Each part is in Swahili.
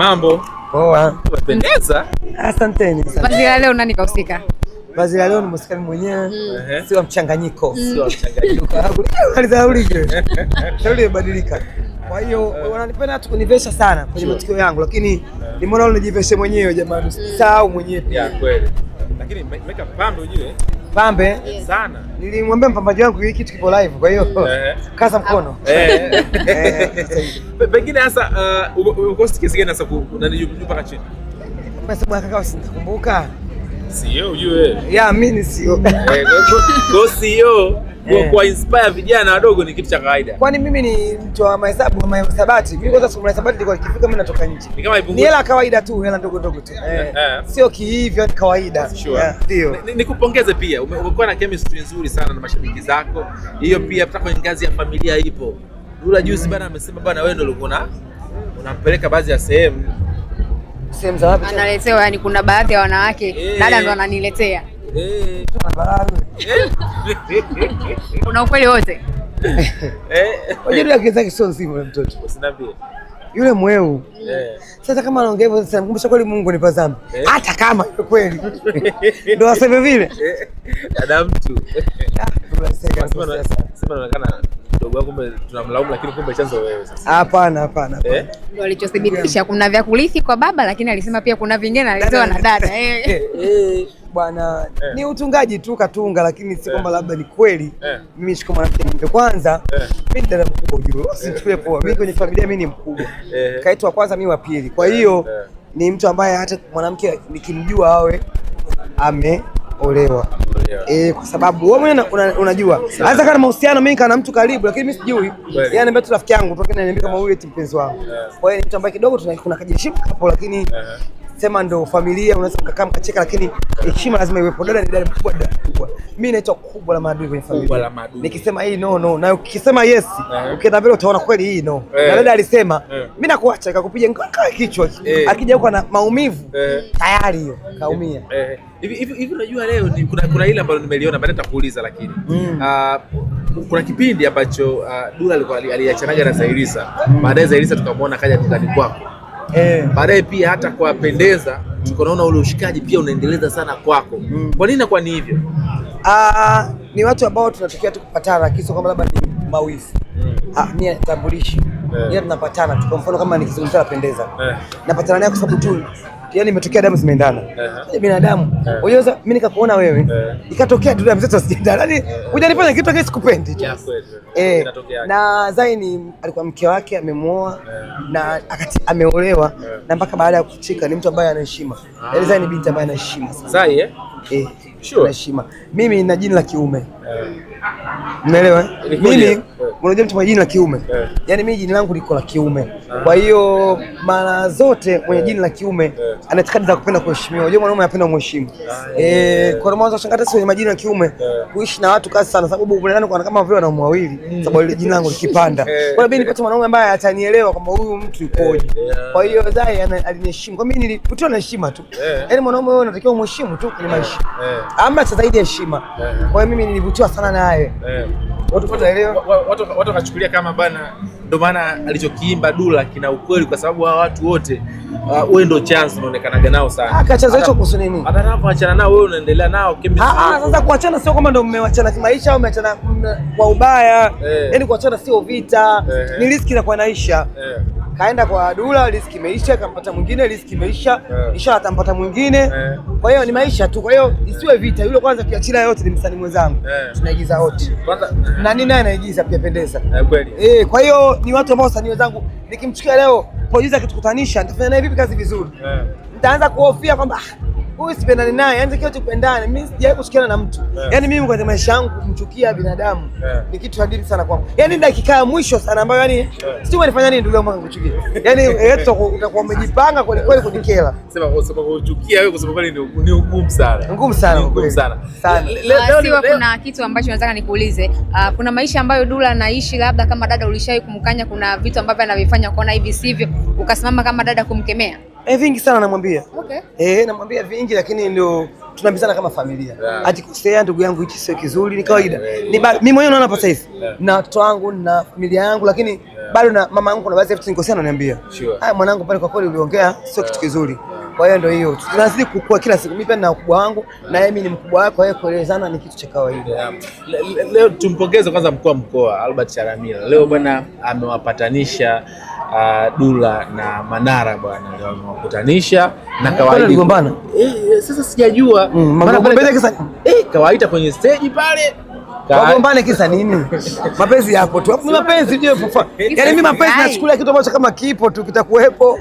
Mambo poa, unapendeza. Asanteni sana. Vazi la leo nani kahusika? Vazi la leo ni mhusika mimi mwenyewe, mm-hmm. sio mchanganyiko, mm. sio mm. mchanganyiko. Shauri imebadilika. Kwa hiyo eh. wananipenda tu kunivesha sana kwenye matukio yangu, lakini eh. nimeona unajivesha mwenyewe jamani, usisahau mm. mwenyewe pia. Kweli. Lakini make up bado Pambe sana. Nilimwambia mpambaji wangu hii kitu kipo live, kwa hiyo eh. kaza mkono. Eh. Eh. Pengine hasa ukosi uh, kiasi gani sasa unanijukumu mpaka chini? Kwa sababu kaka usinikumbuka. Sio ujue. Yeah, mimi ni sio. Kwa hiyo yeah. Kwa inspire vijana wadogo ni kitu cha kawaida, kwani mimi ni mtu wa mahesabu wa mahesabati ikifika mimi natoka nje. Ni kama ipungua, ni hela kawaida tu, hela ndogo ndogo tu eh. Eh. eh. Sio kihivyo, ni kawaida sure. Yeah. Nikupongeze ni pia umekuwa na chemistry nzuri sana na mashabiki zako, hiyo pia hata kwenye ngazi ya familia ipo. Dula juzi bana amesema bana, wewe ndio ulikuwa unampeleka baadhi ya sehemu sehemu za wapi, analetewa yani, kuna baadhi ya wanawake eh. dada hey. ndo ananiletea Eh. Una ukweli wote. Eh. Unajua akiza kisio nzima na mtoto. Usiniambie. Yule mweu. Eh. Sasa kama anaongea hivyo sasa mkumbusha kweli Mungu nipa dhambi. Hata kama ni kweli. Ndio aseme vile. Dada mtu. Ah, Sema anaonekana mdogo wako kumbe tunamlaumu, lakini kumbe chanzo wewe. Sasa hapana, hapana, eh? ndio alichothibitisha. Kuna vya kurithi kwa baba, lakini alisema pia kuna vingine alizoa na dada eh. Eh, bwana Ni utungaji tu katunga, lakini si kwamba labda ni kweli eh. Mimi siko mwanamke mpe kwanza eh. Mimi ndio mkubwa ujue, usichukue poa. Mimi kwenye familia mimi ni mkubwa Kaitwa wa kwanza, mimi wa pili, kwa hiyo Ni mtu ambaye hata mwanamke nikimjua awe ame olewa eh, kwa sababu wewe mwenyewe unajua, hata kama mahusiano mimi kana mtu karibu, lakini mimi sijui yeye, anambia tu rafiki yangu, toka ananiambia kama wewe eti mpenzi wangu. Kwa hiyo ni mtu ambaye kidogo tuna kuna kajishika hapo, lakini uh-huh sema ndo familia, unaweza mkakaa mkacheka, lakini heshima lazima iwepo. Dada ni dada, mkubwa dada mkubwa. Mimi naitwa kubwa la maadui kwenye familia. Nikisema hii no no, na ukisema yes, eh. ukienda mbele utaona kweli hii no. Na eh. dada alisema mimi eh. nakuacha, ikakupiga ngaka kichwa, akija huko na maumivu tayari, hiyo kaumia hivi hivi hivi. Unajua leo ni kuna kuna ile ambayo nimeliona, baadaye nitakuuliza, lakini mm. ah, kuna kipindi ambacho ah, Dula alikuwa aliachanaga na Zairisa, baadaye Zairisa tukamwona kaja dukani kwako eh. Baadaye pia hata kuwapendeza, tukonaona ule ushikaji pia unaendeleza sana kwako mm. Kwa nini nakuwa ni hivyo? Ah, ni watu ambao tunatokea tu kupatana kiso kwamba labda ni mawifu mm. Ah, yeah. Eh. Tunapatana tu, kwa mfano kama nikizungumza napendeza yeah. Napatana naye kwa sababu tu yani imetokea damu zimeendana yaani binadamu. Unaweza mimi nikakuona wewe ikatokea tu damu zetu zimeendana. yani hujanifanya kitu kile sikupendi tu. Eh, na Zaini alikuwa mke wake amemwoa na akati ameolewa na mpaka baada ya kuchika ni mtu ambaye ana heshima. Ah. Yani Zaini binti ambaye ana heshima sana. Zai eh? Eh, ana heshima. Mimi nina jina la kiume. Umeelewa? Mimi unajua mtu mwenye jina la kiume yeah. Yani mimi jina langu liko la kiume ah. Kwa hiyo mara zote mwenye eh. jina la kiume yeah. Ana itikadi za kupenda kuheshimiwa. Unajua mwanaume anapenda kumheshimu ah, eh, kwa maana unashangaa hata wenye majina ya kiume eh. kuishi na watu kazi sana, sababu unaonekana kwa kama vile wanaume wawili, mm. sababu ile jina langu likipanda. Eh. Kwa hiyo mimi nipate mwanaume ambaye atanielewa kwamba huyu mtu yukoje. Kwa hiyo dai aliniheshimu, kwa mimi niliputiwa na heshima tu. yeah. Yani mwanaume wewe unatakiwa umheshimu tu kwenye maisha, yeah. amna cha zaidi ya heshima. yeah. Kwa hiyo mimi nilivutiwa sana naye yeah watu wakachukulia kama bana, ndio maana alichokiimba Dula kina ukweli, kwa sababu hawa watu wote uh, wewe ndio chance unaonekanaga nao sana. Ah, hicho kuhusu nini? Hata hapo achana nao wewe, unaendelea nao kimbi. Ah, ah, sasa kuachana sio kwamba ndio mmewachana kimaisha au mmeachana mm, kwa ubaya, eh. yaani kuachana sio vita, eh. ni riski na kwa naisha eh kaenda kwa Dula, riski imeisha, kampata mwingine, riski imeisha, eh. inshallah atampata mwingine. Eh. Kwa hiyo ni maisha tu, kwa hiyo isiwe vita. Yule kwanza tuachila yote, ni msanii mwenzangu, eh. tunaigiza wote na nini, naye anaigiza pia, pendeza eh. Kwa hiyo ni watu ambao wasanii wenzangu, nikimchukia leo producer akitukutanisha, nitafanya naye vipi kazi vizuri? Nitaanza kuhofia kwamba ah, huyu sipendane naye, yani kile tupendane. Mimi sijawahi kushikiana na mtu yeah. Yani mimi kwa maisha yangu kumchukia binadamu yeah. ni kitu hadiri sana kwangu, yani dakika ya mwisho sana ambayo yani yeah. sijui nifanya nini ndugu yangu kuchukia, yani yetu utakuwa umejipanga kwa kweli kunikela. Sema kwa sababu kuchukia wewe, kwa sababu kweli ni ngumu sana, ngumu sana, ngumu sana sana. Ah, leo kuna kitu ambacho nataka nikuulize. Uh, kuna maisha ambayo Dula anaishi, labda kama dada ulishawahi kumkanya, kuna vitu ambavyo anavifanya ukaona hivi sivyo, ukasimama kama dada kumkemea Eh, vingi sana namwambia. Okay. Eh, namwambia vingi lakini ndio tunabizana kama familia. Yeah. Atikosea ndugu yangu hichi sio kizuri, ni kawaida. Ni mimi mwenyewe naona hapa sasa hivi. Na watoto wangu na familia yangu lakini yeah. Bado na mama yangu na baadhi ya vitu nikosea ananiambia. Sure. Haya ah, mwanangu pale kwa kweli uliongea sio yeah. kitu kizuri. Yeah. Kwa hiyo ndio hiyo. Tunazidi kukua kila siku. Mimi pia na ukubwa wangu yeah. Na yeye ni mkubwa wake, kwa hiyo kuelezana ni kitu cha kawaida. Yeah. Leo le, le, tumpongeze kwanza mkuu wa mkoa Albert Chalamila. Leo bwana amewapatanisha uh, Dula na Manara bwana ndio wamewakutanisha na kawaida aligombana. Eh, eh, sasa sijajua mm, maana kisa eh, kawaida kwenye stage pale wagombane kisa nini? mapenzi yapo tu, ni mapenzi ndio fufa. Yani mimi mapenzi nachukulia kitu ambacho kama kipo tu kitakuwepo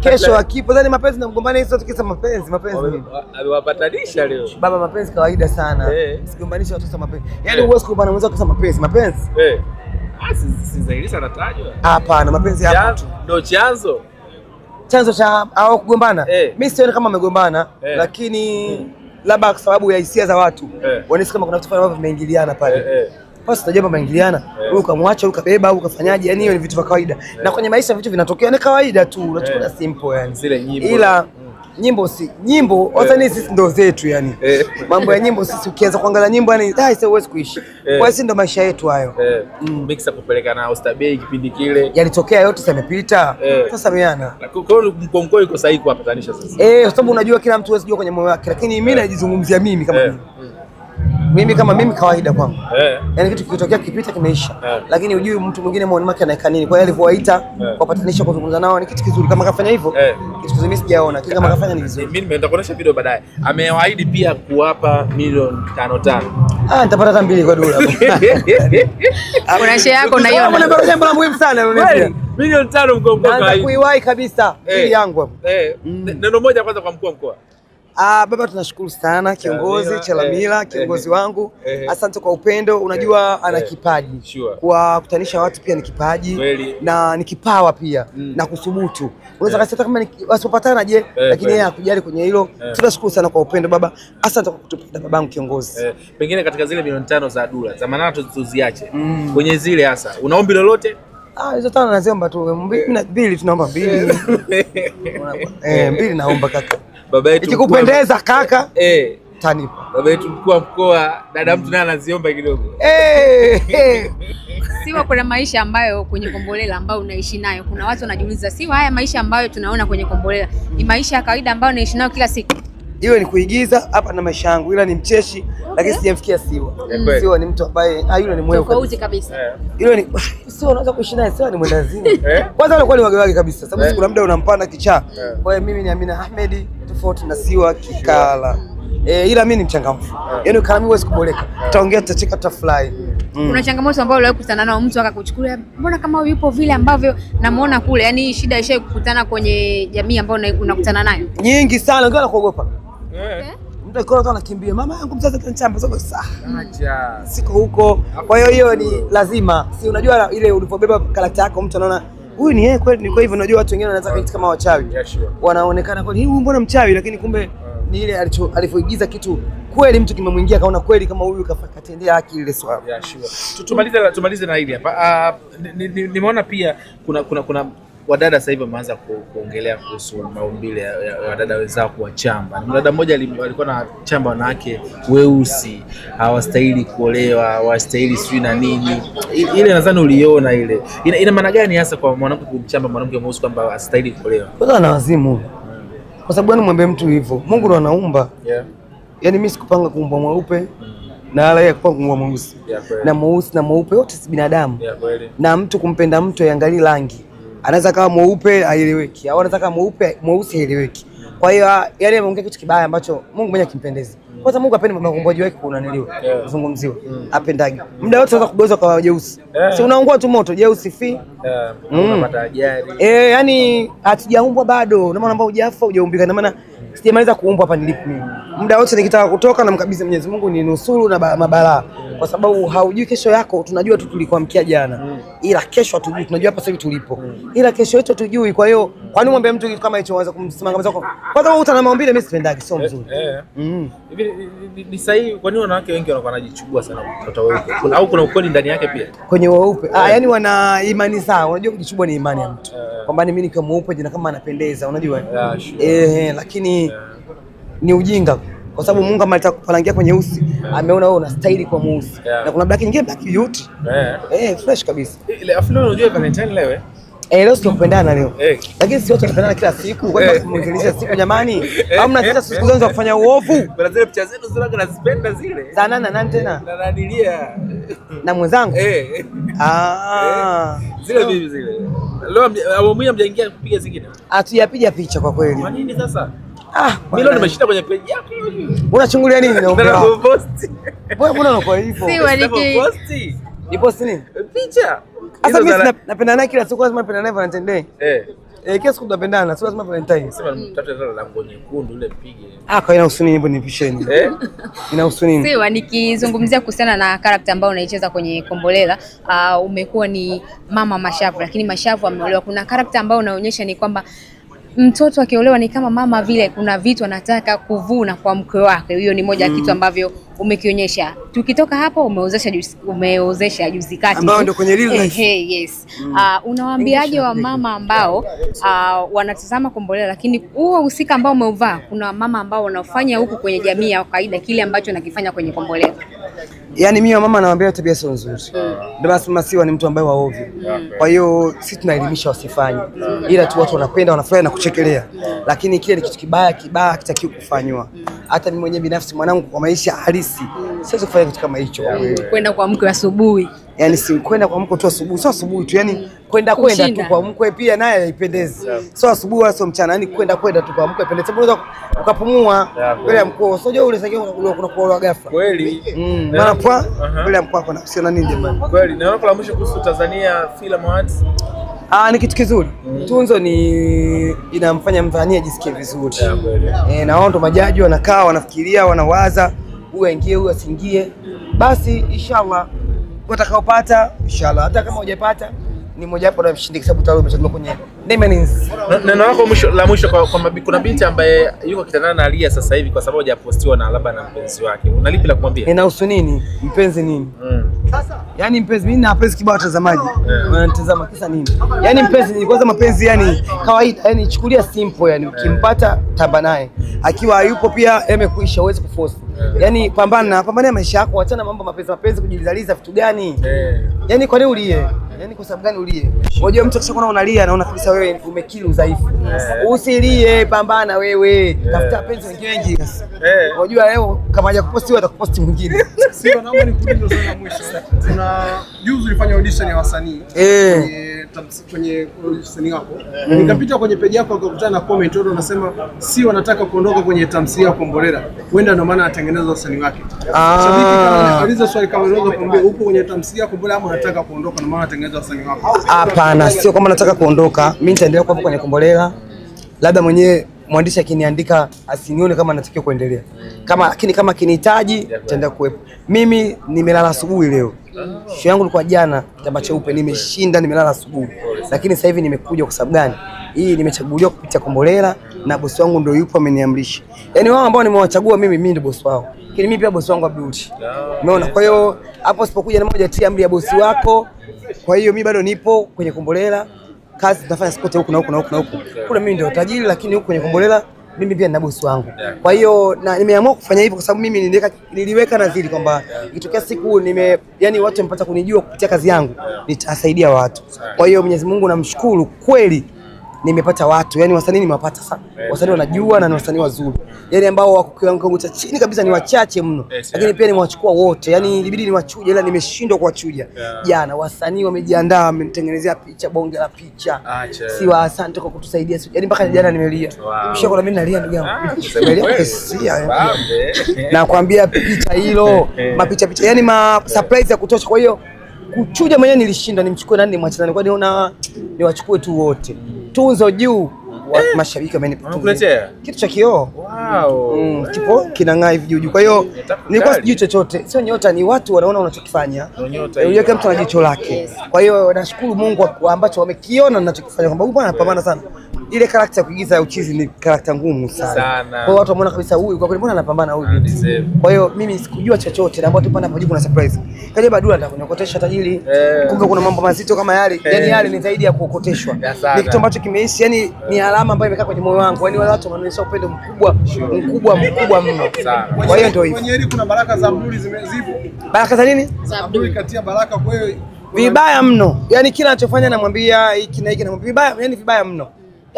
kesho akipo, Yani mapenzi na mgombane hizo kisa mapenzi, mapenzi aliwapatanisha leo baba, mapenzi kawaida sana, eh. sigombanisha watu mapenzi. Yani eh. uwezo kugombana unaweza kisa mapenzi, mapenzi Ah, Hapana, mapenzi hapo tu ndio chanzo chanzo cha hao kugombana. Hey. Eh. Mimi sioni kama amegombana. Hey. Eh. Lakini hmm, labda kwa sababu ya hisia za watu hey, eh. wanahisi kama kuna vitu ambavyo vimeingiliana pale hey. Basi tajua maingiliana wewe yes. Ukamwacha ukabeba au ukafanyaje, yani hiyo ni vitu vya kawaida yes. Na kwenye maisha vitu vinatokea ni kawaida tu, unachukua hey, simple yani zile nyimbo ila nyimbo si nyimbo hata yeah. Sisi ndo zetu yani yeah. Mambo ya nyimbo sisi, ukianza kuangalia nyimbo yani ah, huwezi kuishi yeah. Kwa sisi ndo maisha yetu hayo yeah. Mm. kupeleka na Ostabei kipindi kile yalitokea yote, yamepita yeah. Sasa meana mkonko iko sahihi kuwapatanisha sasa eh, kwa sababu unajua kila mtu huwezi kujua kwenye moyo wake, lakini mimi eh. najizungumzia mimi kama yeah. Mimi kama mimi kawaida kwangu yeah. Yani kitu kikitokea kipita kimeisha yeah. Lakini ujui mtu mwingine maoni yake anaika nini, kwa hiyo alivyowaita yeah. Wapatanisha kuzungumza nao ni kitu kizuri, kama kafanya hivyo yeah. Kitu kizuri mimi sijaona, kile kama ah, kafanya ni vizuri. Eh, mimi nimeenda kuonesha video baadaye, amewaahidi pia kuwapa milioni tano tano. Ah, nitapata hata mbili kwa dola hapo. Kuna share yako na hiyo. Kuna jambo la muhimu sana unaniambia. Milioni tano mkoa mkoa. Naanza kuiwahi kabisa, eh. ili yangu hapo. Eh. Mm. Neno moja kwanza kwa mkuu wa mkoa Ah, baba tunashukuru sana kiongozi eh, Chalamila, eh, kiongozi eh, wangu eh, asante kwa upendo. Unajua eh, ana eh, kipaji sure. Kuwakutanisha watu pia ni kipaji na ni kipawa pia mm. na kudhubutu. unaweza eh. kama wasipopatana je eh, lakini yeye hakujali kwenye hilo eh. Tunashukuru sana kwa upendo baba, asante kwa kutupenda babangu kiongozi eh. Pengine katika zile milioni tano za dola za Manara tuziache mm. kwenye zile hasa unaombi lolote? Ah, hizo tano naziomba tu mbili, tunaomba mbili mbili naomba kaka baba yetu ikikupendeza kaka eh, eh. tanipa baba yetu mkuu wa mkoa dada mtu naye anaziomba kidogo eh, eh. Siwa, kuna maisha ambayo kwenye Kombolela ambayo unaishi nayo, kuna watu wanajiuliza, Siwa, haya maisha ambayo tunaona kwenye Kombolela ni maisha ya kawaida ambayo unaishi nayo kila siku? Iwe ni kuigiza hapa na maisha yangu, ila ni mcheshi okay. Lakini sijafikia Siwa mm. Siwa ni mtu ambaye ah, yule ni mwewe tofauti kabisa, eh. yule ni Siwa unaweza kuishi naye. Siwa ni mwendazimu eh? kwanza, anakuwa ni wagewage kabisa, sababu kuna muda unampanda kichaa. Kwa hiyo mimi ni Amina Ahmedi tofauti na siwa kikala e, ila mimi ni mchangamfu yani kama mimi huwezi kuboleka, tutaongea, tutacheka, tutafurahi. Mm. Kuna changamoto ambayo uliwahi kukutana nao, mtu akakuchukulia, mbona kama yupo vile ambavyo namuona kule? yani shida ishai kukutana kwenye jamii ambayo unakutana nayo? Nyingi sana, wengine wanakuogopa. Okay. Eh? Eh. Mtu akiona anakimbia, mama yangu mzazi atanichamba. sasa acha siko huko. Kwa hiyo hiyo ni lazima, si unajua ile ulipobeba karakta yako mtu anaona huyu ni yeye kweli, kwa hivyo. Unajua watu wengine wanaweza kama wachawi, wanaonekana kwa huyu mbona mchawi, lakini kumbe uh. ni ile alivyoigiza kitu kweli, mtu kimemwingia, kaona kweli kama huyu katendea haki ile swala. Tumalize na hili hapa. Ah, nimeona pia kuna kuna kuna wadada sasa hivi wameanza kuongelea kuhusu maumbile ya wadada wenzao kuwa chamba. Mdada mmoja alikuwa na chamba wanawake weusi hawastahili kuolewa, hawastahili sijui na nini. Ile nadhani uliona ile. Ina, ina maana gani hasa kwa mwanamke kumchamba mwanamke mweusi kwamba hastahili kuolewa? Kwanza ana wazimu. Kwa sababu gani mwambie mtu hivyo? Mungu ndo anaumba. Yeah. Yaani mimi sikupanga kuumbwa mweupe mm. na wala yeye kwa kuumbwa mweusi. Yeah, na mweusi na mweupe wote si binadamu. Yeah, na mtu kumpenda mtu aiangalie rangi anaweza kawa mweupe aeleweki, au anaweza kawa mweupe mweusi aeleweki. Kwa hiyo yani ameongea kitu kibaya ambacho Mungu mwenyewe akimpendezi. Kwanza Mungu apende mkomboaji wake kunaniliwa kuzungumziwa, yeah. Mm. Apendagi muda wote unaweza kugeuzwa kwa jeusi, yeah. Si unaungua tu moto jeusi fi, yeah. Mm. Unapata ajali eh, yani hatujaumbwa bado, na maana ambao hujafa hujaumbika, na maana sijamaliza kuumbwa hapa nilipo mimi. Muda wote nikitaka kutoka na mkabidhi Mwenyezi Mungu ni nusuru na mabalaa, kwa sababu haujui kesho yako. Tunajua tu tulikuamkia jana, ila kesho hatujui. Tunajua hapa sasa tulipo, ila kesho yetu hatujui. Kwa hiyo kwa nini mwambie mtu kitu kama hicho, anaweza kumsimanga mzako kwanza? Wewe utana maombi, mimi sipendagi, sio mzuri. Eh, eh. Mm. Hivi ni sahihi? Kwa nini wanawake wengi wanakuwa wanajichubua sana kutoka weupe, au kuna ukweli ndani yake pia kwenye weupe? Ah, eh. yani wana imani zao. Unajua kujichubua ni imani ya mtu, kwamba mimi nikiwa mweupe jina kama anapendeza, unajua eh, lakini ni ujinga kwa sababu Mungu kama atakupalangia kwenye usi Ameona wewe unastahili kwa mweusi yeah. Na kuna black nyingine black beauty yeah. Eh, fresh kabisa ile. Afu leo unajua Valentine leo eh Eh, leo kupendana leo. hey. Eh. Lakini sio tunapendana kila siku. Kwa hiyo eh. mnaongelesha siku jamani? hey. Eh. Au mnataka siku zenu za kufanya uovu? bila zile picha zenu zile na zipenda zile. Za nani na nani tena? Na nanilia. Na mwenzangu? Eh. Ah. Zile bibi zile. Leo awamu mjaingia kupiga zingine? Hatujapiga picha kwa kweli. Kwa nini sasa? Ah, Milo nimeshinda kwenye page yako. Unachungulia nini nini? Eh, picha. Sasa mimi napenda naye kila siku lazima napenda naye Valentine Day. Eh. Eh, kila siku tunapendana, sio lazima Valentine. Sema la nyekundu ile Ah, kwa nipisheni? Eh? nikizungumzia kuhusiana na character ambayo unaicheza kwenye Kombolela, uh, umekuwa ni mama mashavu lakini mashavu ameolewa. Kuna character ambayo unaonyesha ni kwamba mtoto akiolewa ni kama mama vile, kuna vitu anataka kuvuna kwa mkwe wake. Hiyo ni moja ya mm. kitu ambavyo umekionyesha. Tukitoka hapo, umeozesha juzi, umeozesha juzi kati ambao ndio kwenye real life eh, hey, yes mm. Uh, unawaambiaje wa mama ambao uh, wanatazama Kombolela, lakini huo husika ambao umeuvaa, kuna mama ambao wanafanya huku kwenye jamii ya kawaida kile ambacho nakifanya kwenye Kombolela? yani mimi mama nawaambia tabia sio nzuri. Ndio mm. maana Masiwa ni mtu ambaye wa ovyo. Mm. Kwa hiyo sisi tunaelimisha wasifanye, mm. ila tu watu wanapenda wanafurahi na kuchekelea, lakini kile ni kitu kibaya, kibaya hakitakiwi kufanywa. Hata mimi mwenyewe binafsi, mwanangu, kwa maisha halisi siwezi kufanya kitu kama hicho. Kwenda kwa mkwe asubuhi, Yani si kwenda kwa mkwe tu asubuhi, sio asubuhi tu, yani kwenda kwenda tu kwa mkwe pia naye haipendezi, sio asubuhi wala sio mchana, yaani kwenda kwenda tu kwa mkwe haipendezi ukapumua mbele ya mkoo. Unajua ule sasa kuna kuolewa ghafla. Kweli. Mm. Mara kwa mbele ya mkoo kuna sio na nini jamani. Kweli. Na wako la mwisho kuhusu Tanzania Film Awards. Ah, ni kitu kizuri. Mm. Tunzo ni inamfanya Mtanzania ajisikie vizuri. Eh, na wao ndo majaji wanakaa, wanafikiria, wanawaza huyu aingie, huyu asiingie. Basi inshallah watakaopata, inshallah hata kama hujapata ni moja wapo na mshindi kwa sababu tayari umeshatoka kwenye Diamonds. Neno lako mwisho la mwisho kwa, kwa mabiku, kuna binti ambaye yuko kitandani na alia sasa hivi kwa sababu hajapostiwa na labda na mpenzi wake. Una lipi la kumwambia? Inahusu nini? Mpenzi nini? Mm. yani mpenzi mimi na mpenzi kibao watazamaji. Yeah. Wanatazama kisa nini? Yani mpenzi ni kwanza mapenzi yani kawaida yani chukulia simple yani ukimpata tamba naye. Akiwa hayupo pia yamekuisha huwezi kuforce. Yani pambana, pambana maisha yako, achana mambo mapenzi mapenzi kujilizaliza vitu gani? Yeah. Yani kwa nini ulie? Yaani kwa sababu gani ulie? Unajua mtu akishakuona unalia anaona kabisa wewe umekiri udhaifu. Eh. Usilie, pambana wewe. Eh. Tafuta penzi wengi. wengi. Eh. Unajua leo kama haja kuposti wewe atakuposti mwingine. Sio, naomba nikuulize sana mwisho. Kuna juzi ulifanya audition ya wasanii. Eh kwenye audition yako nikapita kwenye page yako nikakutana na comment watu wanasema si wanataka kuondoka kwenye tamthilia ya Kombolela, huenda ndio maana anatengeneza wasanii wake. Ah. Shabiki kama anauliza swali kama unaweza kumwambia upo kwenye tamthilia ya Kombolela ama anataka kuondoka ndio maana anatengeneza Hapana, sio kama nataka kuondoka. Mimi nitaendelea kuwa kwenye Kombolela, labda mwenyewe mwandishi akiniandika asinione kama natakiwa kuendelea kama, lakini kama akinihitaji nitaendelea kuwepo. Mimi nimelala asubuhi leo, show yangu ilikuwa jana, kitambaa cheupe. Nimeshinda, nimelala asubuhi, lakini sasa hivi nimekuja kwa sababu gani? Hii nimechaguliwa kupitia Kombolela na bosi wangu ndio yupo ameniamrisha. Yaani wao ambao nimewachagua mimi, mimi ndio bosi wao, lakini mimi pia bosi wangu wa beauty, umeona? Kwa hiyo hapo sipokuja na moja, tia amri ya bosi wako kwa hiyo mi bado nipo kwenye Kombolela, kazi tunafanya sikote huku na huku na huku na huku. Kule mimi ndio tajiri, lakini huku kwenye Kombolela mimi pia nina bosi wangu. Kwa hiyo na nimeamua kufanya hivyo kwa sababu mimi niliweka niliweka nadhiri kwamba ikitokea siku nime yani watu wamepata kunijua kupitia kazi yangu, nitasaidia watu. Kwa hiyo Mwenyezi Mungu namshukuru kweli nimepata watu yani, wasanii nimewapata sana, wasanii wanajua na ni wasanii wazuri yani, ambao wako kiwango cha chini kabisa, ni wachache mno, eh, lakini pia nimewachukua wote yani, ilibidi niwachuja, ila nimeshindwa kuwachuja jana. Wasanii wamejiandaa, wamenitengenezea picha, bonge la picha, si wa asante kwa kutusaidia yani, mpaka jana nimelia, kisha kuna mimi nalia, ndugu yangu, nimelia na kuambia picha hilo, eh. mapicha picha yani, ma surprise ya kutosha, kwa hiyo Kuchuja mwenyewe nilishinda, nimchukue nani nimwachana, nilikuwa niona niwachukue tu wote. Tunzo juu eh. mashabiki wamenipatia kitu cha kioo wow. Mm, kipo kinang'aa hivi juu juu. Kwa hiyo nilikuwa sijui chochote, sio nyota, ni watu wanaona unachokifanya, kila mtu ana jicho lake. Kwa hiyo nashukuru Mungu ambacho wamekiona ninachokifanya, kwamba bwana anapambana sana ile karakta ya kuigiza ya uchizi ni karakta ngumu sana. Kwa hiyo watu wameona kabisa huyu kwa kweli mbona anapambana huyu ah, Kwa hiyo mimi sikujua chochote na mbona pana pajibu na surprise. Kaje badula atakunokotesha tajiri. Eh. Kumbe kuna mambo mazito kama yale. Eh. Yaani yale ni zaidi ya kuokoteshwa. Ni kitu ambacho kimeishi, yani ni eh. alama ambayo imekaa kwenye moyo wangu. Yaani wale watu wanaonyesha upendo mkubwa mkubwa mkubwa mno. Kwa hiyo ndio hivyo. Kwenye kuna baraka za Abduli zimezipo. Baraka za nini? Za Abduli katia baraka kwa hiyo vibaya mno. Yaani kila anachofanya namwambia hiki na hiki namwambia vibaya, yani vibaya mno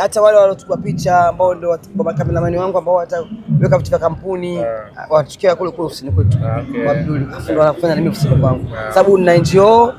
hata wale waliochukua picha ambao ndio kwa wakameramani wangu ambao wataweka vitu vya kampuni ah. Watukia kule kule usini kwetu, ah, ndio wanafanya mimi usini kwangu, ah. sababu nina NGO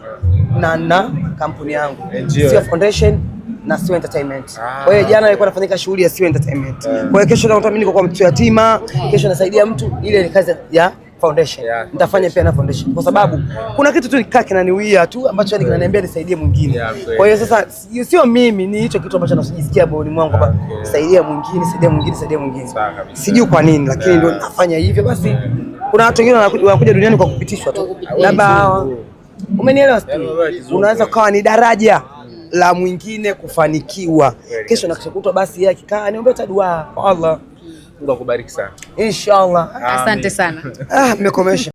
na na kampuni yangu sio foundation na sio entertainment. Kwa hiyo jana ilikuwa nafanyika shughuli ya sio entertainment. Kwa hiyo kesho mimi niko kwa mtu yatima, kesho nasaidia mtu, ile ni kazi ya foundation yeah, nitafanya pia na foundation kwa sababu yeah. Kuna kitu tu nikaa kinaniwia tu ambacho yani kinaniambia nisaidie mwingine yeah, kwa hiyo sasa sio mimi, ni hicho kitu ambacho nasijisikia boni mwangu kwamba yeah, saidia mwingine, saidia mwingine, saidia mwingine, sijui kwa nini, lakini ndio yeah, nafanya hivyo basi yeah. Kuna watu wengine wanakuja duniani kwa kupitishwa tu labda, umenielewa? Unaweza ukawa ni daraja la mwingine kufanikiwa, kesho nakishakutwa basi yeye akikaa niombe dua kwa Allah Mungu akubariki sana. Inshallah. Asante sana. Ah, mmekomesha.